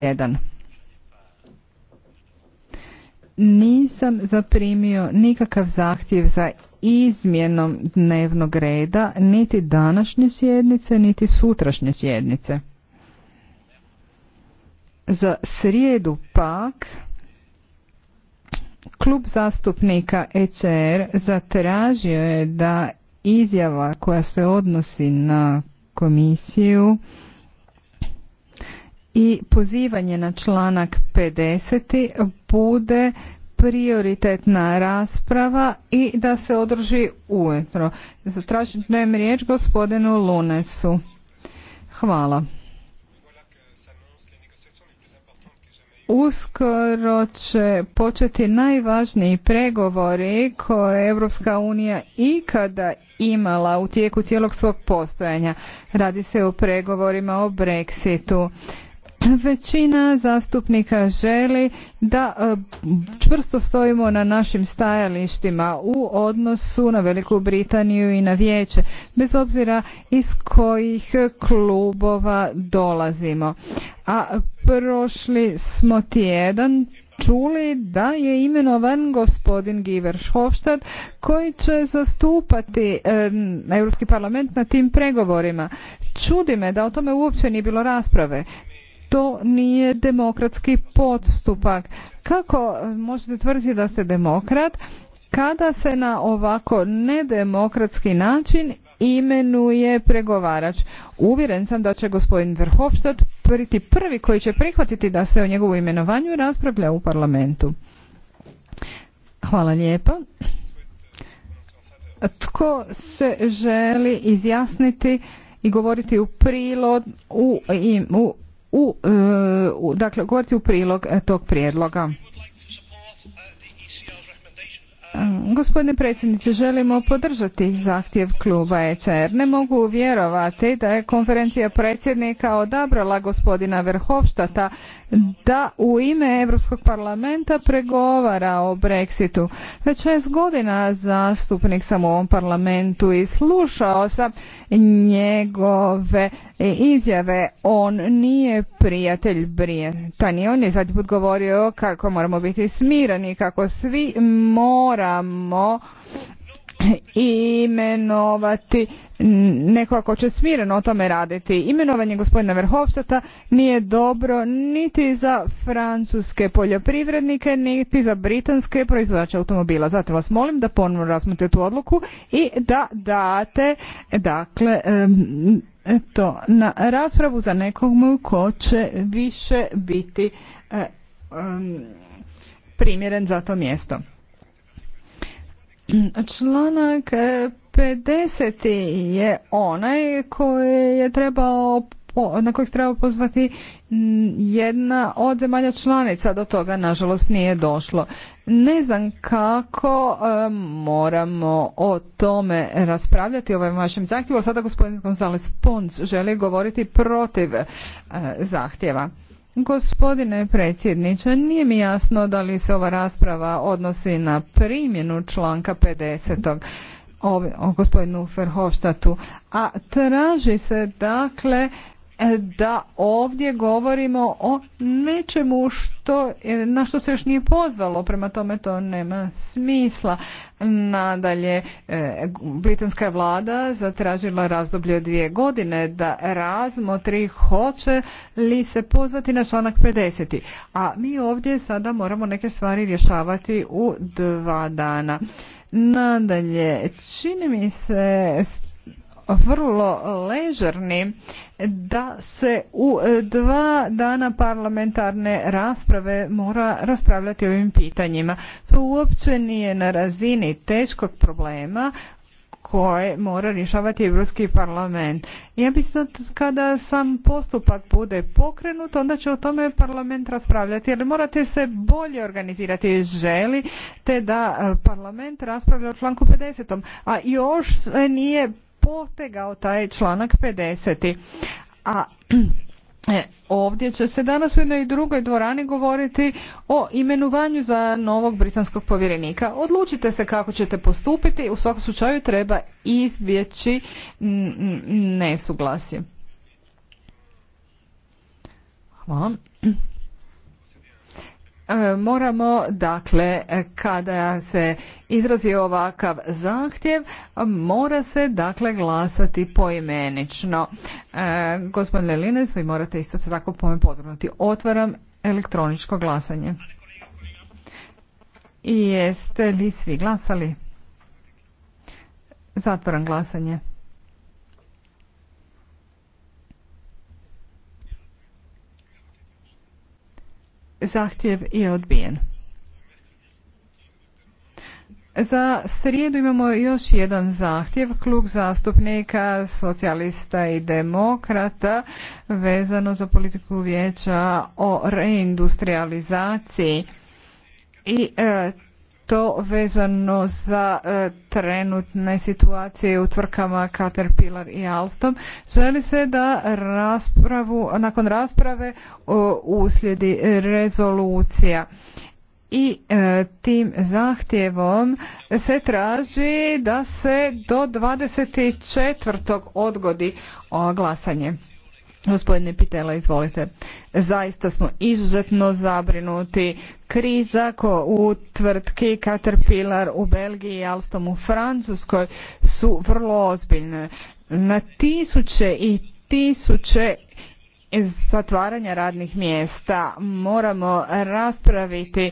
1. Nisam zaprimio nikakav zahtjev za izmjenom dnevnog reda, niti današnje sjednice, niti sutrašnje sjednice. Za srijedu pak klub zastupnika ECR zatražio je da izjava koja se odnosi na komisiju i pozivanje na članak 50. bude prioritetna rasprava i da se održi ujutro. Zatražim dajem riječ gospodinu Lunesu. Hvala. Uskoro će početi najvažniji pregovori koje Europska unija ikada imala u tijeku cijelog svog postojanja. Radi se o pregovorima o Brexitu. Većina zastupnika želi da e, čvrsto stojimo na našim stajalištima u odnosu na Veliku Britaniju i na vijeće, bez obzira iz kojih klubova dolazimo. A prošli smo tjedan čuli da je imenovan gospodin Giver Schofstad koji će zastupati e, Europski parlament na tim pregovorima. Čudi me da o tome uopće nije bilo rasprave to nije demokratski postupak. Kako e, možete tvrditi da ste demokrat kada se na ovako nedemokratski način imenuje pregovarač. Uvjeren sam da će gospodin Verhofstadt biti prvi koji će prihvatiti da se o njegovu imenovanju raspravlja u parlamentu. Hvala lijepa. Tko se želi izjasniti i govoriti u prilog u, u E, u, dakle govoriti u prilog e, tog prijedloga. Gospodine predsjedniče, želimo podržati zahtjev kluba ECR. Ne mogu vjerovati da je konferencija predsjednika odabrala gospodina Verhofštata da u ime Europskog parlamenta pregovara o Brexitu. Već šest godina zastupnik sam u ovom parlamentu i slušao sam njegove izjave. On nije prijatelj Britanije. On je zadnji put govorio kako moramo biti smirani, kako svi moramo imenovati neko ko će smireno o tome raditi. Imenovanje gospodina Verhofstata nije dobro niti za francuske poljoprivrednike, niti za britanske proizvođače automobila. Zato vas molim da ponovno razmite tu odluku i da date dakle to na raspravu za nekog ko će više biti primjeren za to mjesto. Članak 50. je onaj koji je trebao na kojeg treba pozvati jedna od zemalja članica do toga nažalost nije došlo. Ne znam kako moramo o tome raspravljati o ovom vašem zahtjevu, ali sada gospodin Gonzales Pons želi govoriti protiv eh, zahtjeva. Gospodine predsjedniče, nije mi jasno da li se ova rasprava odnosi na primjenu članka 50. O, gospodinu Verhofstadtu, a traži se dakle da ovdje govorimo o nečemu što, na što se još nije pozvalo, prema tome to nema smisla. Nadalje, e, britanska vlada zatražila razdoblje od dvije godine da razmotri hoće li se pozvati na članak 50. A mi ovdje sada moramo neke stvari rješavati u dva dana. Nadalje, čini mi se vrlo ležerni da se u dva dana parlamentarne rasprave mora raspravljati o ovim pitanjima. To uopće nije na razini teškog problema koje mora rješavati Europski parlament. Ja mislim kada sam postupak bude pokrenut, onda će o tome parlament raspravljati, jer morate se bolje organizirati želi, te da parlament raspravlja o članku 50. A još nije potegao taj članak 50. A e, Ovdje će se danas u jednoj drugoj dvorani govoriti o imenovanju za novog britanskog povjerenika. Odlučite se kako ćete postupiti, u svakom slučaju treba izbjeći nesuglasje. Hvala. E, moramo dakle kada se izrazi ovakav zahtjev mora se dakle glasati poimenično. E, gospodine Linez, vi morate isto se tako pome pozornuti. Otvaram elektroničko glasanje. I jeste li svi glasali? Zatvaram glasanje. zahtjev je odbijen. Za srijedu imamo još jedan zahtjev klub zastupnika socijalista i demokrata vezano za politiku vijeća o reindustrializaciji i e, to vezano za e, trenutne situacije u tvrtkama Caterpillar i Alstom. Želi se da raspravu, nakon rasprave o, e, uslijedi rezolucija i e, tim zahtjevom se traži da se do 24. odgodi o, glasanje. Gospodine Pitela, izvolite. Zaista smo izuzetno zabrinuti. Kriza u tvrtki Caterpillar u Belgiji i Alstom u Francuskoj su vrlo ozbiljne. Na tisuće i tisuće zatvaranja radnih mjesta moramo raspraviti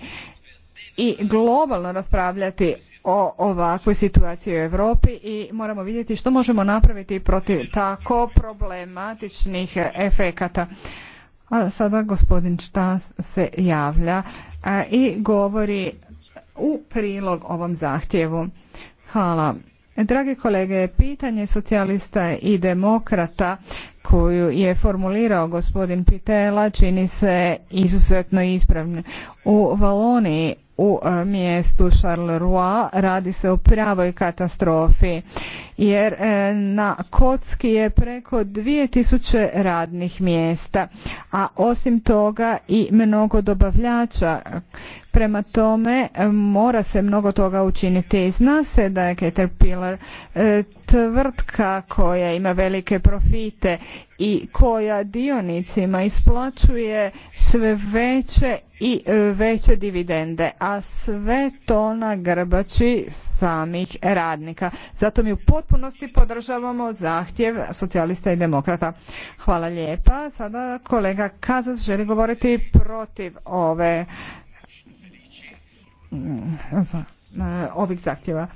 i globalno raspravljati o ovakvoj situaciji u Europi i moramo vidjeti što možemo napraviti protiv tako problematičnih efekata. A sada gospodin Štas se javlja i govori u prilog ovom zahtjevu. Hvala. Drage kolege, pitanje socijalista i demokrata koju je formulirao gospodin Pitela čini se izuzetno ispravno. U Valoniji u e, mjestu Charleroi radi se o pravoj katastrofi jer e, na kocki je preko 2000 radnih mjesta a osim toga i mnogo dobavljača Prema tome e, mora se mnogo toga učiniti. Zna se da je Caterpillar e, tvrtka koja ima velike profite i koja dionicima isplaćuje sve veće i e, veće dividende, a sve to na grbači samih radnika. Zato mi u potpunosti podržavamo zahtjev socijalista i demokrata. Hvala lijepa. Sada kolega Kazas želi govoriti protiv ove E, ovih zahtjeva.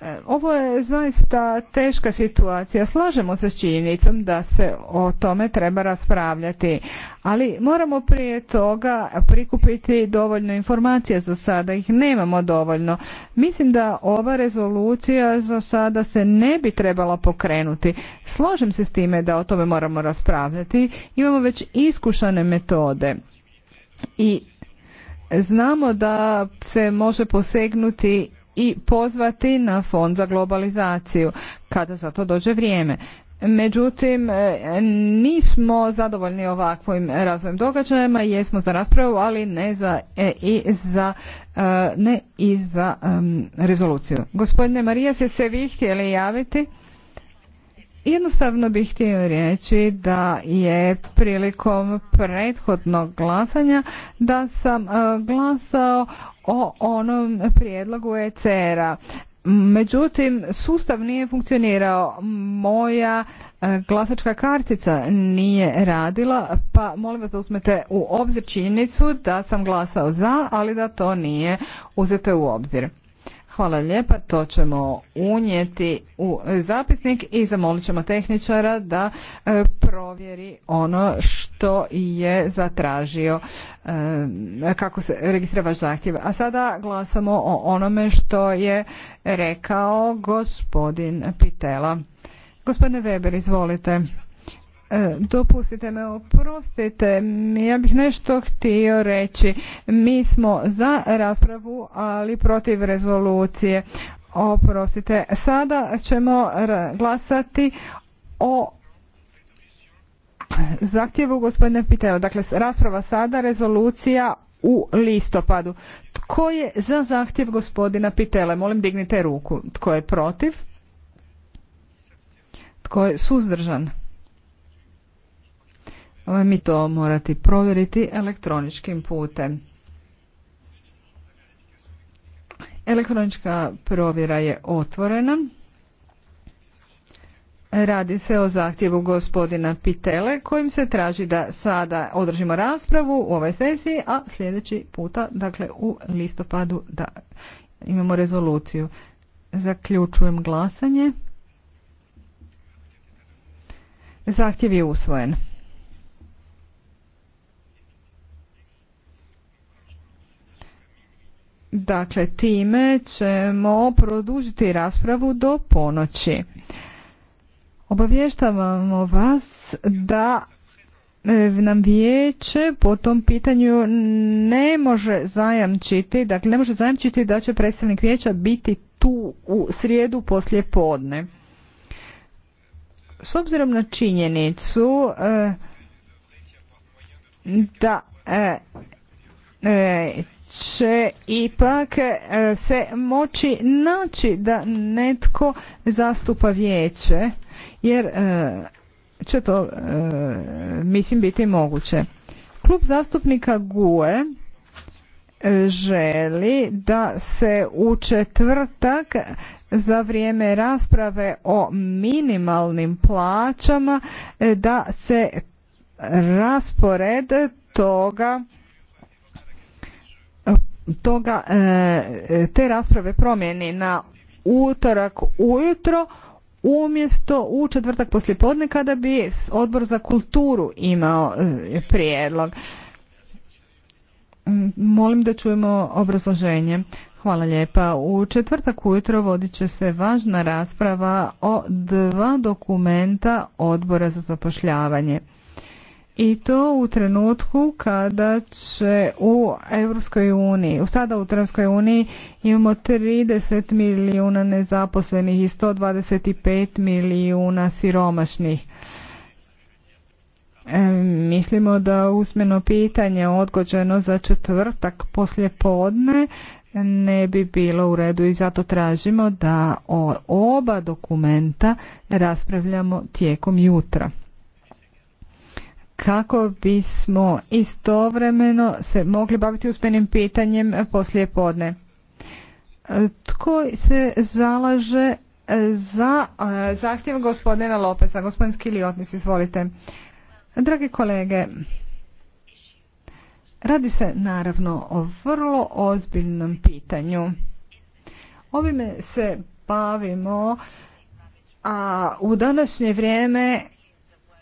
E, ovo je zaista teška situacija. Slažemo se s činjenicom da se o tome treba raspravljati, ali moramo prije toga prikupiti dovoljno informacija. Za sada ih nemamo dovoljno. Mislim da ova rezolucija za sada se ne bi trebala pokrenuti. Složem se s time da o tome moramo raspravljati. Imamo već iskušane metode i Znamo da se može posegnuti i pozvati na fond za globalizaciju kada za to dođe vrijeme. Međutim, e, nismo zadovoljni ovakvim razvojem događajima, jesmo za raspravu, ali ne za, e, i za, e, ne i za rezoluciju. Gospodine Marija, se se vi htjeli javiti? Jednostavno bih htio reći da je prilikom prethodnog glasanja da sam e, glasao o onom prijedlogu ECR-a. Međutim, sustav nije funkcionirao. Moja e, glasačka kartica nije radila, pa molim vas da uzmete u obzir činjenicu da sam glasao za, ali da to nije uzete u obzir. Hvala lijepa, to ćemo unijeti u zapisnik i zamolit ćemo tehničara da e, provjeri ono što je zatražio e, kako se registrira vaš zahtjev. A sada glasamo o onome što je rekao gospodin Pitela. Gospodine Weber, izvolite. E, dopustite me, oprostite, ja bih nešto htio reći. Mi smo za raspravu, ali protiv rezolucije. Oprostite, sada ćemo glasati o zahtjevu gospodina Pitela. Dakle, rasprava sada, rezolucija u listopadu. Tko je za zahtjev gospodina Pitele? Molim, dignite ruku. Tko je protiv? Tko je suzdržan? Ovaj, mi to morati provjeriti elektroničkim putem. Elektronička provjera je otvorena. Radi se o zahtjevu gospodina Pitele kojim se traži da sada održimo raspravu u ovoj sesiji, a sljedeći puta, dakle u listopadu, da imamo rezoluciju. Zaključujem glasanje. Zahtjev je usvojen. Dakle, time ćemo produžiti raspravu do ponoći. Obavještavamo vas da e, nam vijeće po tom pitanju ne može zajamčiti, dakle ne može zajamčiti da će predstavnik vijeća biti tu u srijedu poslije podne. S obzirom na činjenicu e, da e, će ipak e, se moći naći da netko zastupa vijeće jer e, će to e, mislim biti moguće. Klub zastupnika GUE želi da se u četvrtak za vrijeme rasprave o minimalnim plaćama da se raspored toga toga e, te rasprave promjeni na utorak ujutro umjesto u četvrtak poslijepodne kada bi odbor za kulturu imao e, prijedlog. Molim da čujemo obrazloženje. Hvala lijepa. U četvrtak ujutro vodit će se važna rasprava o dva dokumenta odbora za zapošljavanje i to u trenutku kada će u Europskoj uniji, sada u Europskoj uniji imamo 30 milijuna nezaposlenih i 125 milijuna siromašnih. E, mislimo da usmeno pitanje odgođeno za četvrtak poslje podne ne bi bilo u redu i zato tražimo da o oba dokumenta raspravljamo tijekom jutra kako bismo istovremeno se mogli baviti uspjenim pitanjem poslije podne. Tko se zalaže za zahtjev gospodina Lopeza? Gospodin mislim, izvolite. Dragi kolege, radi se naravno o vrlo ozbiljnom pitanju. Ovime se bavimo, a u današnje vrijeme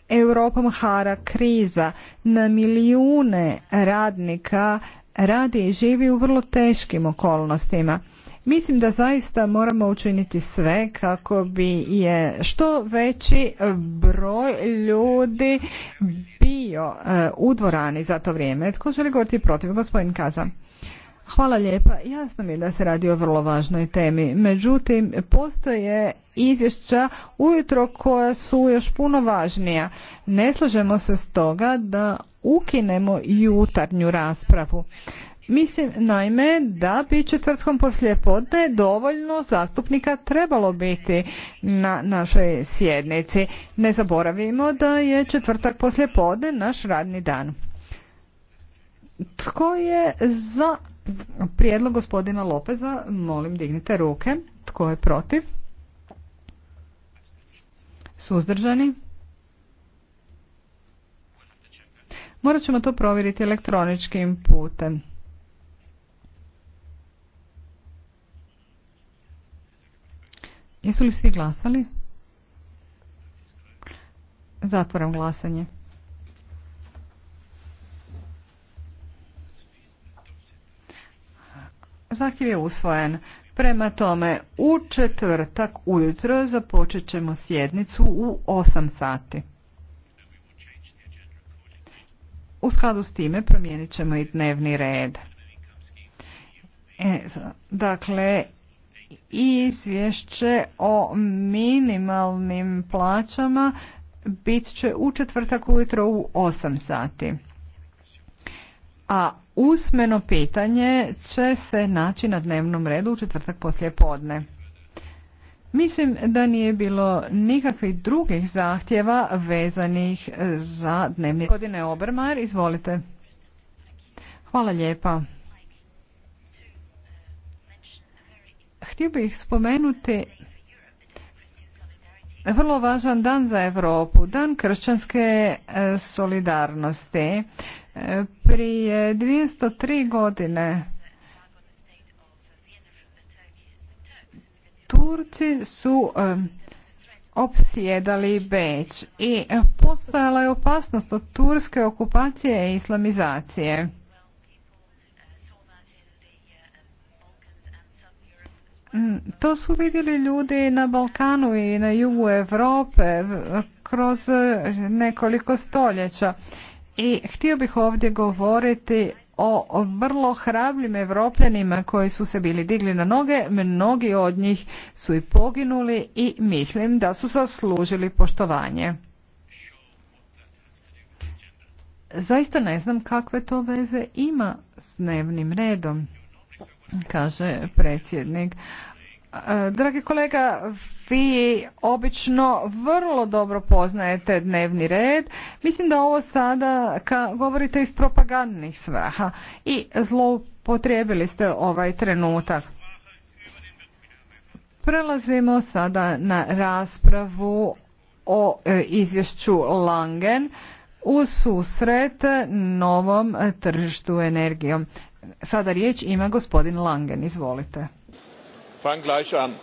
Europom hara kriza. Na milijune radnika radi i živi u vrlo teškim okolnostima. Mislim da zaista moramo učiniti sve kako bi je što veći broj ljudi bio e, u dvorani za to vrijeme. Tko želi govoriti protiv? Gospodin Kaza. Hvala lijepa. Jasno mi je da se radi o vrlo važnoj temi. Međutim, postoje izvješća ujutro koja su još puno važnija. Ne slažemo se s toga da ukinemo jutarnju raspravu. Mislim naime da bi četvrtkom poslijepodne dovoljno zastupnika trebalo biti na našoj sjednici. Ne zaboravimo da je četvrtak poslijepodne naš radni dan. Tko je za Prijedlog gospodina Lopeza, molim dignite ruke. Tko je protiv? Suzdržani? Morat ćemo to provjeriti elektroničkim putem. Jesu li svi glasali? Zatvoram glasanje. Zahtjev je usvojen. Prema tome, u četvrtak ujutro započet ćemo sjednicu u 8 sati. U skladu s time promijenit ćemo i dnevni red. E, dakle, i izvješće o minimalnim plaćama bit će u četvrtak ujutro u 8 sati. A Usmeno pitanje će se naći na dnevnom redu u četvrtak poslije podne. Mislim da nije bilo nikakvih drugih zahtjeva vezanih za dnevni godine Obermar. Izvolite. Hvala lijepa. Htio bih spomenuti vrlo važan dan za Europu, dan kršćanske e, solidarnosti. Prije 203 godine Turci su opsjedali Beč i postojala je opasnost od turske okupacije i islamizacije. Mm, to su vidjeli ljudi na Balkanu i na jugu Europe kroz nekoliko stoljeća. I htio bih ovdje govoriti o vrlo hrabrim evropljanima koji su se bili digli na noge. Mnogi od njih su i poginuli i mislim da su zaslužili poštovanje. Zaista ne znam kakve to veze ima s dnevnim redom, kaže predsjednik. E, dragi kolega, vi obično vrlo dobro poznajete dnevni red. Mislim da ovo sada ka, govorite iz propagandnih svrha i zloupotrijebili ste ovaj trenutak. Prelazimo sada na raspravu o e, izvješću Langen u susret novom tržištu energijom. Sada riječ ima gospodin Langen, izvolite fangen gleich an.